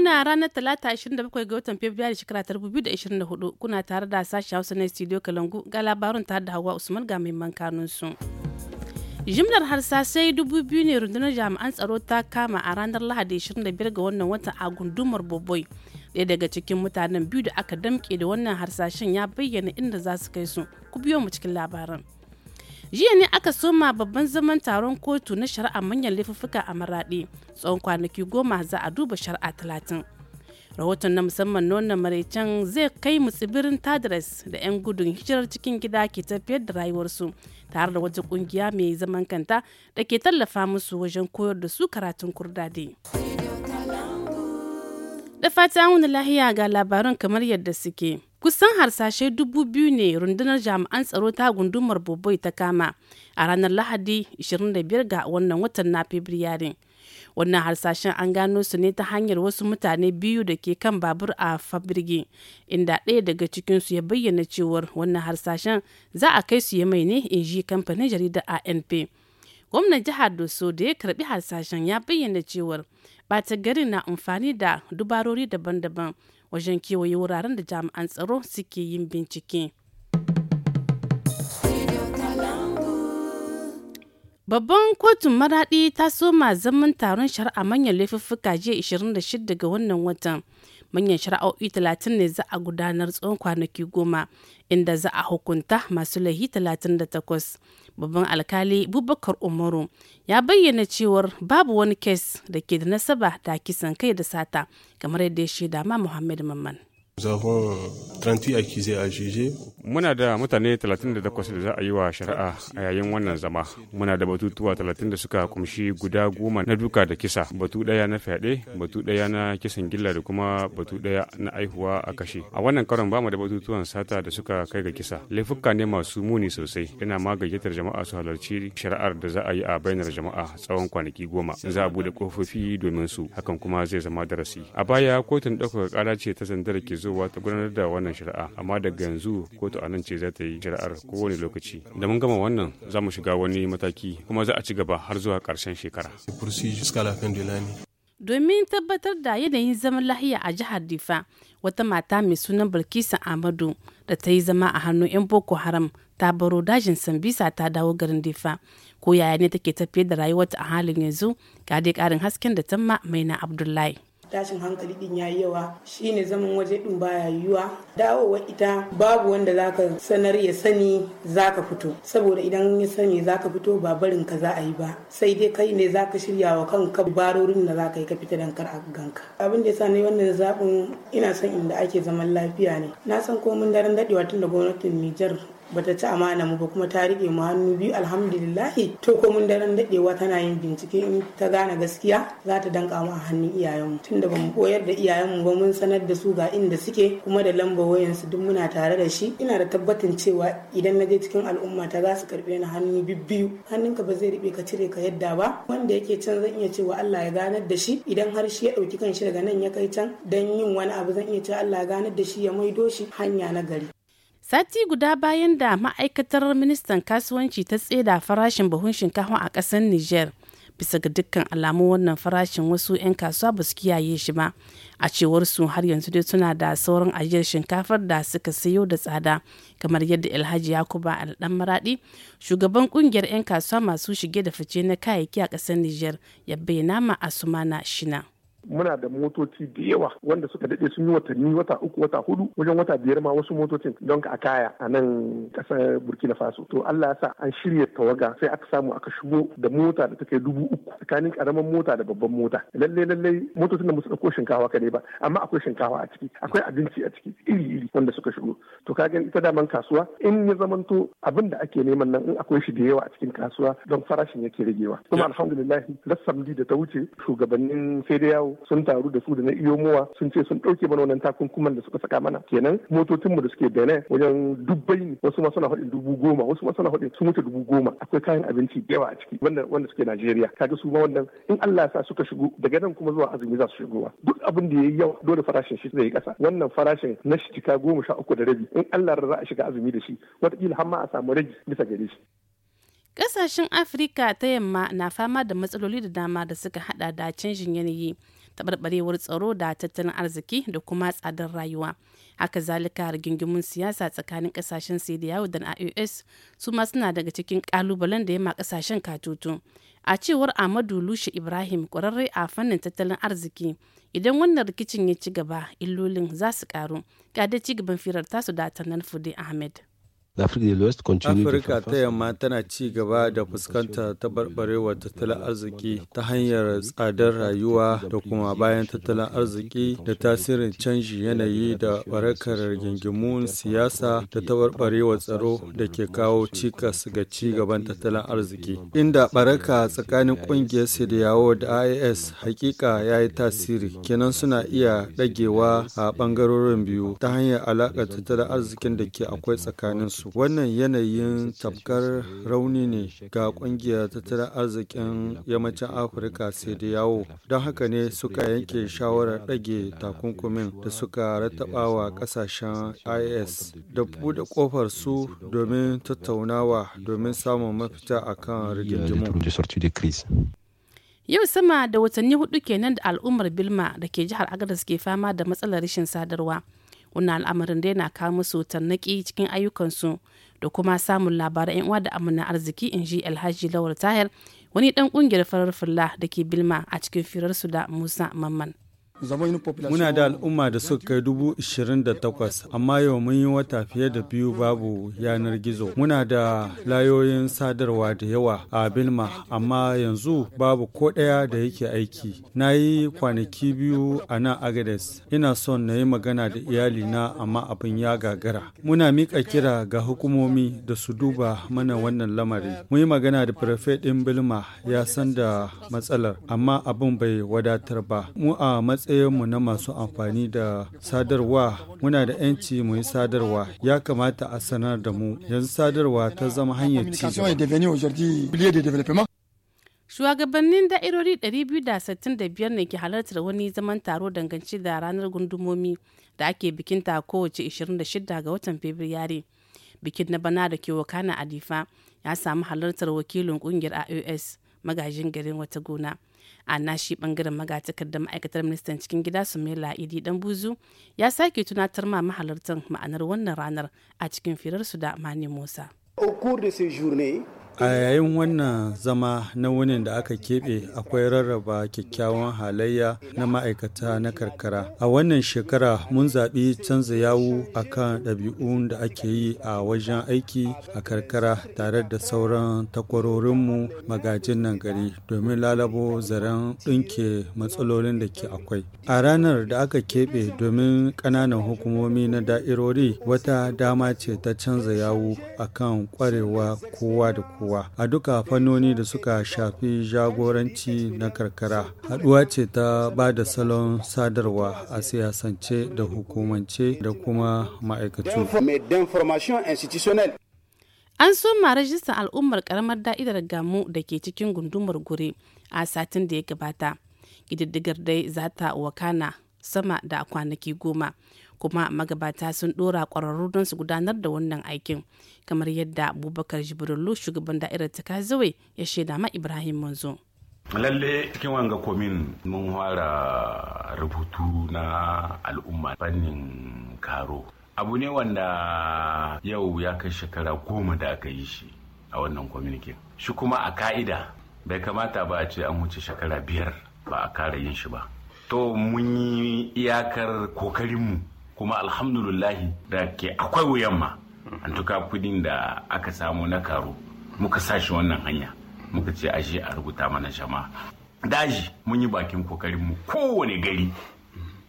muna ranar talata 27 ga watan da shekara ta 2024 kuna tare da sashi Hausa na studio Kalangu ga labarin tare da hawa Usman ga muhimman kanun su. Jimlar harsasai dubu biyu ne rundunar jami'an tsaro ta kama a ranar Lahadi 25 ga wannan watan a gundumar Boboi. Ɗaya daga cikin mutanen biyu da aka damƙe da wannan harsashen ya bayyana inda za su kai su. Ku biyo mu cikin labarin. jiya ne aka soma babban zaman taron kotu na shari'a manyan laifuffuka a maraɗi tsawon kwanaki goma za a duba shari'a talatin rahoton na musamman nonon maraicen zai kai mu tsibirin tadres da 'yan gudun hijirar cikin gida ke tafiyar da rayuwarsu tare da wata kungiya mai zaman kanta da ke tallafa musu wajen koyar da su karatun kurdade da fata wani lahiya ga labarin kamar yadda suke kusan harsashe dubu biyu ne rundunar jami'an tsaro ta gundumar boboi ta kama a ranar lahadi 25 ga wannan watan na fabrairun wannan harsashen an gano su ne ta hanyar wasu mutane biyu da ke kan babur a fabirge inda ɗaya daga cikinsu ya bayyana cewar wannan harsashen za a kai su ya mai ne in ji kamfanin jaridar np gwamnan jihar doso da ya karbi harsashen ya bayyana cewar bata garin na amfani da dubarori daban-daban wajen kewaye wuraren da jami'an tsaro suke yin bincike. Babban kotun maradi ta soma zaman taron shari'a manyan laifuffuka jiya 26 ga wannan watan. manyan shari'o'i talatin ne za a gudanar tsawon kwanaki goma inda za a hukunta masu laihi talatin da takwas babban alkali bubakar umaru ya bayyana cewar babu wani kes da ke da nasaba da kisan kai da sata kamar yadda ya shaida ma muhammad mamman Euh, Muna da mutane 38 da da za a yi wa shari'a a yayin wannan zama. Muna da batutuwa 30 da suka kumshi guda goma na duka da kisa, batu ɗaya na fyaɗe, batu daya na kisan gilla da kuma batu daya na aihuwa a kashe. A wannan karon bamu da batutuwan sata da suka kai ga kisa. Laifuka ne masu muni sosai. Ina ma gayyatar jama'a su halarci shari'ar da za a yi a bainar jama'a tsawon kwanaki goma. Za a buɗe kofofi domin su, hakan kuma zai zama darasi. A baya kotun ɗaukaka ƙara ce ta sandar ke zo zowa ta gudanar da wannan shari'a amma daga yanzu kotu a nan ce za ta yi shari'ar kowane lokaci da mun gama wannan za mu shiga wani mataki kuma za a ci gaba har zuwa karshen shekara domin tabbatar da yanayin zaman lahiya a jihar difa wata mata mai sunan bilkisu amadu da ta yi zama a hannun 'yan boko haram ta baro dajin sambisa ta dawo garin difa ko yaya ne take tafiye da rayuwarta a halin yanzu ga dai karin hasken da tamma maina abdullahi tashin hankali din yayi yawa shi ne zaman waje din baya yiwuwa dawowa ita babu wanda zaka sanar ya sani zaka fito saboda idan ya sani zaka fito ba barin ka za a yi ba sai dai kai ne zaka shirya wa kanka barorin da zaka yi ka fita dan kar a ganka abin da yasa ne wannan zaɓin ina son inda ake zaman lafiya ne na san komin daren daɗewa tun da gwamnatin Nijar bata ci amana mu ba kuma ta rike mu hannu biyu alhamdulillahi to ko mun daren daɗewa tana yin bincike in ta gane gaskiya za ta danka mu a hannun iyayenmu tunda ba mu koyar da iyayenmu ba mun sanar da su ga inda suke kuma da lamba wayansu duk muna tare da shi ina da tabbatin cewa idan na je cikin al'umma ta za su karbe ni hannu hannun ka ba zai riɓe ka cire ka yadda ba wanda yake can zan iya cewa Allah ya ganar da shi idan har shi ya ɗauki kanshi daga nan ya kai can dan yin wani abu zan iya cewa Allah ya ganar da shi ya maido shi hanya na gari Sati guda bayan da ma'aikatar ministan kasuwanci ta tseda farashin buhun shinkafa a ƙasar Niger Bisa ga dukkan alamu wannan farashin wasu 'yan kasuwa ba su kiyaye shi ba. A cewar su har yanzu dai suna da sauran ajiyar shinkafar da suka sayo da tsada. Kamar yadda Alhaji Yakuba Alɗan Maraɗi, shugaban ƙungiyar 'yan kasuwa masu shige da fice na kayayyaki a ƙasar Niger ya bayyana ma Asumana Shina. muna da motoci da yawa wanda suka daɗe sun yi watanni wata uku wata hudu wajen wata biyar ma wasu motocin don a kaya a nan ƙasar burkina faso to allah ya sa an shirya tawaga sai aka samu aka shigo da mota da ta kai dubu uku tsakanin karaman mota da babban mota lalle-lalle motocin da musu ɗauko shinkawa kadai ba amma akwai shinkawa a ciki akwai abinci a ciki iri iri wanda suka shigo to ka gani ita daman kasuwa in ya zamanto abin da ake neman nan in akwai shi da yawa a cikin kasuwa don farashin yake ragewa kuma alhamdulillah rassamdi da ta wuce shugabannin sai da yawo yau sun taru da su da na iyo iyomowa sun ce sun ɗauke mana wannan takunkuman da suka saka mana kenan mu da suke benin wajen dubbai ne wasu ma suna faɗin dubu goma wasu ma suna sun wuce dubu goma akwai kayan abinci da yawa a ciki wanda wanda suke najeriya kaga su ma wannan in allah ya sa suka shigo daga nan kuma zuwa azumi za su shigowa duk abin da ya yi yawa dole farashin shi zai yi kasa wannan farashin na shika goma sha uku da rabi in allah za a shiga azumi da shi wataƙila har ma a samu rage bisa gare shi Ƙasashen Afirka ta yamma na fama da matsaloli da dama da suka hada da canjin yanayi tabarbarewar tsaro da tattalin arziki da kuma tsadar rayuwa haka zalika rigingimun siyasa tsakanin kasashen sai da yawo da na su ma suna daga cikin kalubalen da ya ma kasashen katutu a cewar amadu lushe ibrahim kwararre a fannin tattalin arziki idan wannan rikicin ya ci gaba illolin za su karu ga da ci gaban firar tasu da tanan fude ahmed afirka ta yamma tana ci gaba da fuskanta tabarbarewar tattalin arziki ta hanyar tsadar rayuwa da kuma bayan tattalin arziki da tasirin canji yanayi da barakar gingimun siyasa da tabarbarewar tsaro da ke kawo cikas ga ci gaban tattalin arziki inda baraka tsakanin ƙungiyar sidiyawo da IAS hakika ya yi tasiri kenan suna iya ɗagewa a ɓangarorin biyu ta hanyar alaƙar tattalin arzikin da ke akwai tsakaninsu su wannan yanayin tabkar rauni ne ga kungiyar tattalin arzikin yammacin afirka sai da yawo don haka ne suka yanke shawarar ɗage takunkumin da suka rataɓa wa ƙasashen is da buɗe ƙofar su domin tattaunawa domin samun mafita a kan rigingimu yau sama da watanni hudu kenan da al'ummar bilma da ke jihar agadas ke fama da matsalar rashin sadarwa wannan al'amarin dai na kawo musu tannaki cikin ayyukansu da kuma samun labaran 'yan uwa da amina arziki in ji alhaji lawal tahir wani dan kungiyar farar fulla da ke bilma a cikin firarsu da musa mamman Muna da al'umma da suka kai dubu ishirin da takwas, amma yau mun yi wata fiye da biyu babu yanar gizo. Muna da layoyin sadarwa da yawa a Bilma, amma yanzu babu ko ɗaya da yake aiki. Na yi kwanaki biyu a nan Agades, ina son na yi magana da iyali na, amma abin ya gagara. Muna mika kira ga hukumomi da su duba mana wannan lamari. Mun yi magana da ɗin Bilma ya san da matsalar, amma abin bai wadatar ba. Mu a matsayin matsayinmu na masu amfani da sadarwa muna da 'yanci mu yi sadarwa ya kamata a sanar da mu yanzu sadarwa ta zama hanyar ci Shugabannin da'irori 265 ne ke halartar wani zaman taro dangance da ranar gundumomi da ake bikinta kowace 26 ga watan Fabrairu. Bikin na bana da ke wakana Alifa ya samu halartar wakilin kungiyar IOS. magajin garin wata gona a nashi bangaren magatakar da ma'aikatar ministan cikin gida sumaila idi dan buzu ya sake tunatar ma mahalartan ma'anar wannan ranar a cikin firarsu da mani musa au cours de ces journées A yayin wannan zama na wunin da aka keɓe akwai rarraba kyakkyawan halayya na ma'aikata na karkara. A wannan shekara mun zaɓi canza yawu a kan ɗabi'un da ake yi a wajen aiki a karkara tare da sauran takwarorinmu magajin nan gari domin lalabo zaren ɗinke matsalolin da ke akwai. A ranar da aka keɓe domin ƙananan hukumomi na da'irori wata dama ce ta canza yawu akan ƙwarewa kowa da kowa. a duka fannoni da suka shafi jagoranci na karkara haɗuwa ce ta ba da salon sadarwa a siyasance da hukumance da kuma ma'aikatu an soma rajistar al'ummar karamar da'idar gamu da ke cikin gundumar gure a satin da ya gabata ƙididdigar dai za ta wakana sama da kwanaki goma kuma magabata sun dora ƙwararru don su gudanar da wannan aikin kamar yadda abubakar jibrilu shugaban da'irar ta kazawe ya shaida ma ibrahim manzo. lalle cikin wanga komin mun fara rubutu na al'umma fannin karo abu ne wanda yau ya kai shekara goma da aka yi shi a wannan kwaminikin shi kuma a ka'ida bai kamata ba a ce an wuce shekara biyar ba a kara yin shi ba to mun yi iyakar kokarinmu kuma alhamdulillahi da ke akwai wuyan ma an tuka kudin da aka samu na karo muka sashi wannan hanya muka ce ashe a rubuta mana shama daji mun yi bakin kokarin mu kowane gari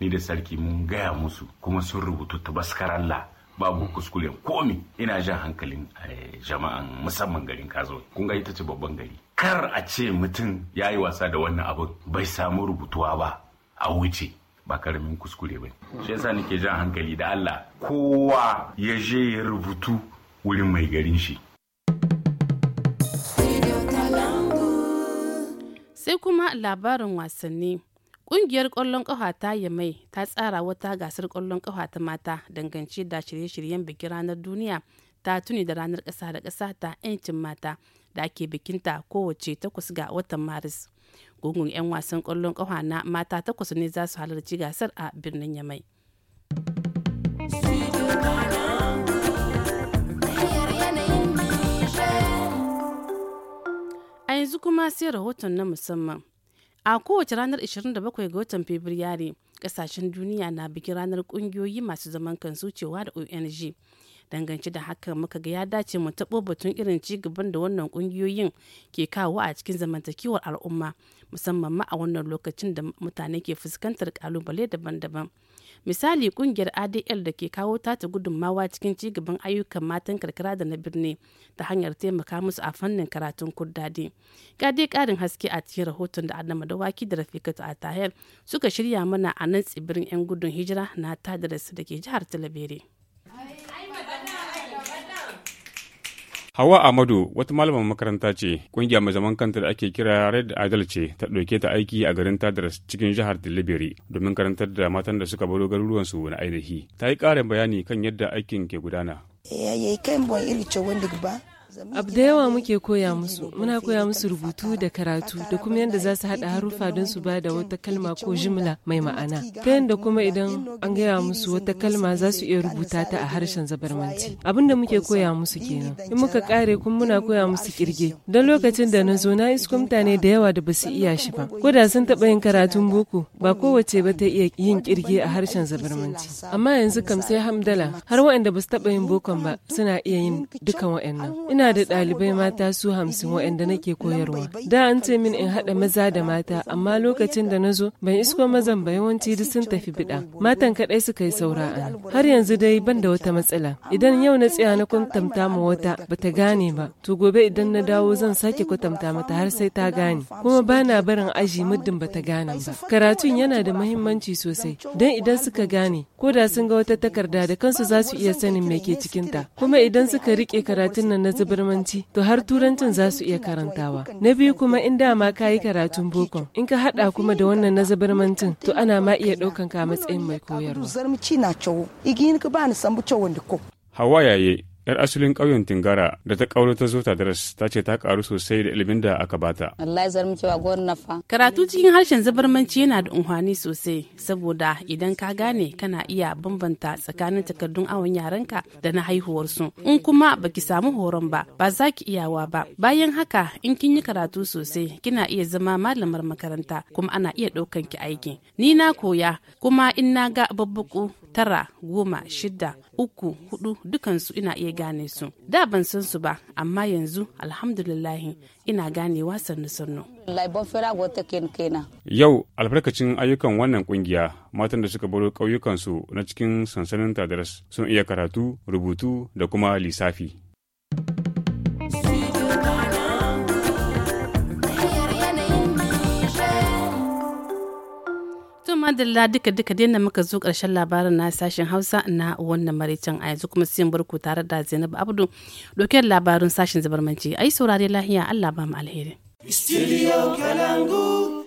ni da sarki mun gaya musu kuma sun rubutu baskaralla. babu kuskure komi ina jan hankalin eh, jama'an musamman garin kazo kun ga ita ce babban gari kar a ce mutum ya yi wasa da wannan abin bai samu rubutuwa ba a wuce ba karamin kuskure ba shi yasa nake jan hankali da Allah kowa ya je ya rubutu wurin mai garin shi sai kuma labarin wasanni Ƙungiyar ƙwallon ƙafa ta Yamai ta tsara wata gasar ƙwallon ƙafa ta mata dangance da shirye-shiryen bikin ranar duniya ta tuni da ranar ƙasa da ƙasa ta 'yancin mata da ake bikinta kowace takwas ga watan Maris. gungun 'yan wasan kwallon kafa na mata takwas ne za su halarci gasar a birnin yamai a yanzu kuma sai rahoton na musamman a kowace ranar 27 ga watan fabrairu kasashen duniya na bikin ranar kungiyoyi masu zaman kansu cewa da ong danganci da haka muka ga ya dace mu taɓo batun irin ci gaban da wannan ƙungiyoyin ke kawo a cikin zamantakewar al'umma musamman ma a wannan lokacin da mutane ke fuskantar kalubale daban-daban misali kungiyar adl da ke kawo tata gudunmawa cikin cigaban ayyukan matan karkara da na birni ta hanyar taimaka musu a fannin karatun kurdadi ga dai karin haske a cikin rahoton da adama da waki da rafikatu a tahir suka shirya mana a nan tsibirin 'yan gudun hijira na tadaras da ke jihar talabere Hawa Amadu wata malaman makaranta ce kungiya mai zaman kanta da ake kira Red Idol ce ta ɗauke ta aiki a garin Tadras cikin jihar Delivery domin karantar da matan da suka baro garuruwansu na ainihi. Ta yi ƙarin bayani kan yadda aikin ke gudana. kai iri ce wanda ba Abu da yawa muke koya musu, muna koya musu rubutu da karatu da kuma yadda za su haɗa haruffa don su ba da wata kalma ko jimla mai ma'ana. Ta yadda kuma idan an gaya musu wata kalma za su iya rubuta ta a harshen zabarmanci. Abin da muke koya musu kenan. In muka kare kuma muna koya musu kirge. Don lokacin da na zo na isko mutane da yawa da basu iya shi ba. Ko da sun taɓa yin karatun boko, ba kowace ba ta iya yin kirge a harshen zabarmanci. Amma yanzu kam sai hamdala, har waɗanda basu su taɓa yin bokon ba suna iya yin dukan waɗannan. Ina Ina da ɗalibai mata su hamsin waɗanda nake koyarwa. Da an ce min in haɗa maza da mata, amma lokacin da na zo ban isko mazan ba yawanci duk sun tafi biɗa. Matan kaɗai suka yi saura a Har yanzu dai ban da wata matsala. Idan yau na tsaya na kwatanta ma wata ba ta gane ba, to gobe idan na dawo zan sake kwatanta mata har sai ta gane. Kuma bana barin aji muddin ba ta gane ba. Karatun yana da mahimmanci sosai, don idan suka gane, ko da sun ga wata takarda da kansu za su iya sanin me ke cikinta. Kuma idan suka riƙe karatun nan na zuba birmanci to har turancin za su iya karantawa na biyu kuma in dama ka yi karatun bokon in ka haɗa kuma da wannan na zabirmancin to ana ma iya ɗaukan ka matsayin mai koyarwa hawa yaye yar asalin ƙauyen tingara da ta ƙauro ta zo ta daras ta ce ta karu sosai da ilimin da aka bata karatu cikin harshen zabarmanci yana da unhwani sosai saboda idan ka gane kana iya bambanta tsakanin takardun awon yaranka da na haihuwar su in kuma baki samu horon ba ba za ki iyawa ba bayan haka in kin yi karatu sosai kina iya zama malamar makaranta kuma ana iya ɗaukan ki aiki ni na koya kuma in na ga babbaku tara goma shida uku hudu dukansu ina iya gane su da ban san su ba amma yanzu alhamdulillahi ina ganewa sannu sannu yau albarkacin ayyukan wannan kungiya matan da suka baro ƙauyukansu na cikin sansanin tadaras sun iya karatu rubutu da kuma lissafi madalla duka duka dai na muka zo karshen labarin na sashen hausa na wannan maraicin a yanzu kuma siyan barku tare da zainab abdu ɗauke labarin sashen a ai saurare lahiya allah ba mu alheri. Studio Kalangu.